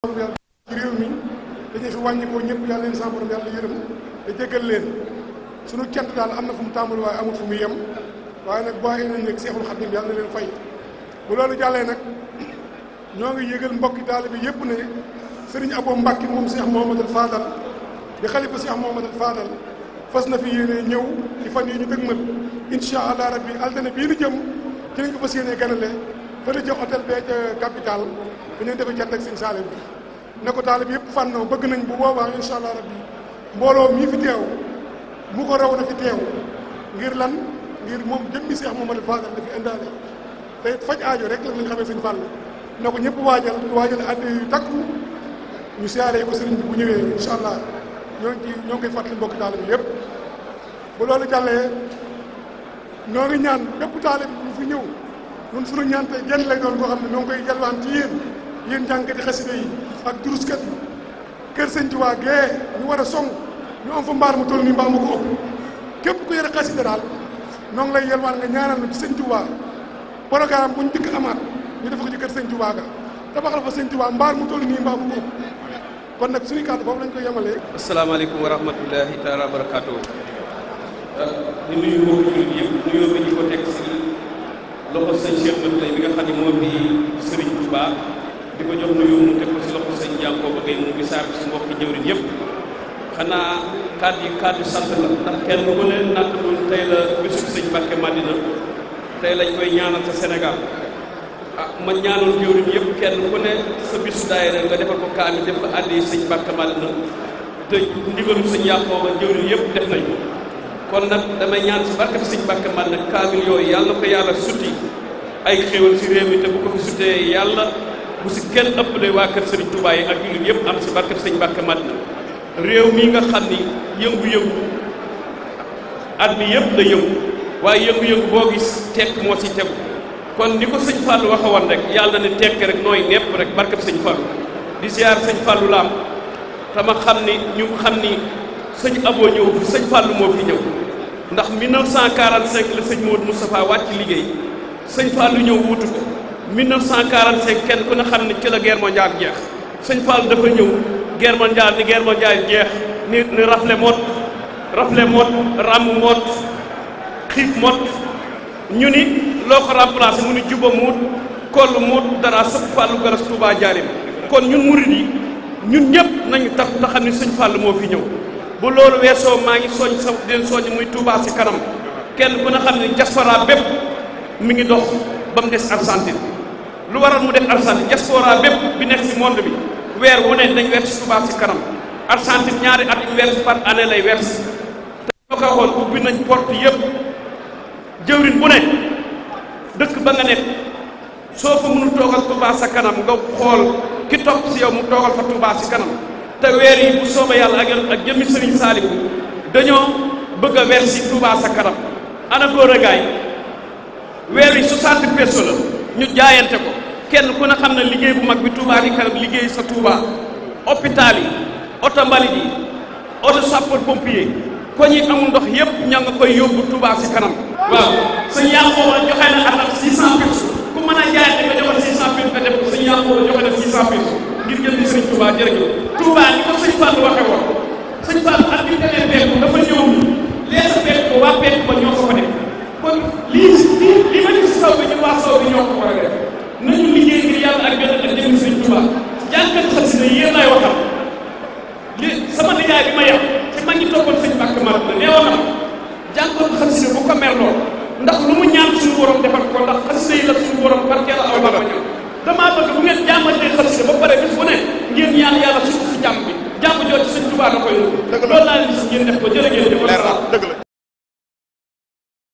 borom yàlla ci réew mi dañu fi wàññikoo ñëpp yàlla leen sa borom yàlla yërëm te jéggal leen suñu cant daal am na fu mu tàmbali waaye amul fu mu yem waaye nag bàyyi nañ nag seexul xadim yàlla na leen fay bu loolu jàllee nag ñoo ngi yëgal mbokki taalibe bi yëpp ne sëriñ Abo Mbàkke moom Cheikh Mouhamadou Fadal di xalifa Cheikh Mouhamadou Fadal fas na fi yéene ñëw ci fan yi ñu dëgmal incha allah rabbi altine bii nu jëm ci lañ ko fas yéene ganale fële ca hôtel bee ca capital bu ñu defee cant ak sëñ Saaliw bi ko taalib yëpp fànnoo bëgg nañ bu boobaa incha allah rabbi mbooloo mii fi teew mu ko raw na fi teew ngir lan ngir moom jëmmi seex Mamadu Faadal dafi indaale te faj aajo rek la nañ xamee sëñ Fàll na ko ñëpp waajal waajal ànd yu takku ñu siyaaree ko sëriñ bu ñëwee incha allah ñoo ngi ñoo ngi koy fàttali taalib yëpp bu loolu ñoo ngi ñaan bépp taalib ñu fi ñëw ñun suñu ñaan tey genn lay doon xam ne ñoo ngi koy yalwaan ci yéen yéen jàngkati xasida ak duruskat yi kër sëñ Tuubaa gee ñu war a song ñu am fa mbaar mu toll nii mbaa mu ko ëpp képp ku yore xasida daal ñoo ngi lay yalwaan nga ñaanal na ci sëñ Tuubaa programme bu ñu dikk ñu def ko ci kër sëñ Tuubaa ga tabaxal fa sëñ Tuubaa mbaar mu toll nii mbaa mu ko nag suñu kàddu lañ koy yemalee. asalaamaaleykum wa rahmatullahi taala wa loxo sëñ Cheikh Bët lay bi nga xam ne moom bi Sëriñ Touba di ko jox nuyoo mu teg ko si loxo sëñ Diagne koo bëggee mu gisaar bi si mbokki jëwriñ yëpp xanaa kàddu yi kàddu sant la ndax kenn ku ne natt doon tey la bisu sëñ Mbàkke Madina tey lañ koy ñaanal sa Sénégal ah ma ñaanal jëwriñ yëpp kenn ku ne sa bisu daayira nga defal ko kaami def ko àddi sëñ Mbàkke Madina te ndigalu sëñ Yàqooba jëwriñ yëpp def nañu kon nag damay ñaan si barke bi sëñ Mbàkke man nag kaamil yooyu yàlla ko yàlla sutti ay xéwal si réew mi te bu ko fi suttee yàlla bu si kenn ëppale waa kër sëriñ Tuubaa ak ak jullit yëpp am si barke bi sëñ Mbàkke man na réew mi nga xam ni yëngu-yëngu at mi yëpp la yëngu waaye yëngu-yëngu boo gis tekk moo si tegu kon ni ko sëñ wax waxa woon rek yàlla ne tekk rek nooy nepp rek barke bi sëñ Fallou di ziar sëñ Fallou laam xam ni ñu xam ni sëñ aboo ñëw fi sëñ moo fi ñëw ndax 1945 la sëñ Maodo Moustapha wàcc liggéey sëñ fàllu ñëw wuutu ko 1945 kenn ku ne xam ne ci la guerre mondiale jeex sëñ fàllu dafa ñëw guerre mondiale ni guerre mondiale jeex ni ni rafle mot rafle mot ràmm mot xiif mot ñu ni loo ko remplacé mu ni juba muut koll muut dara sëpp fàllu garas Touba jaarim kon ñun mu yi ñun ñëpp nañu tax te xam ne sëñ fàllu moo fi ñëw bu loolu weesoo maa ngi soñ sa den soñ muy Touba si kanam kenn ku ne xam ne diaspora bépp mi ngi dox ba mu des Argentine lu waral mu def Argentine diaspora bépp bi nekk si monde bi weer wu ne dañ wersi Touba si kanam Argentine ñaari at yu wers par année lay wers te ñoo ko waxoon ubbi nañ porte yëpp jëwrin bu ne dëkk ba nga nekk soo fa mënul toogal Touba sa kanam nga xool ki topp si yow mu toogal fa Touba si kanam te weer yi bu soobee yàlla ak ak jëmmi sëriñ Saalibu dañoo bëgg a weer si Touba sa kanam ana góor a gaay weer yi 60 peso la ñu jaayante ko kenn ku ne xam ne liggéey bu mag bi Touba di kanam liggéey sa Touba hôpital yi oto mbalit yi oto sapeur pompier ko ñi amul ndox yépp ña nga koy yóbbu Touba si kanam waaw sëñ yàlla na xatam 600 peso ku mën a jaayante nga joxe média ma yàq ci mag ñi toppoon sëñ Mbàkke Mar la neewoon na jàngoon xasida bu ko merloo ndax lu mu ñaan suñu borom defal ko ndax xasida yi la suñu borom barke la aw maga damaa bëgg bu ngeen jàmmatee xasida ba pare bis bu ne ngeen ñaan yàlla suuf si jàmm bi jàmm jooju sëñ Tuubaa da koy loolu laa leen gis ngeen def ko jërëjëf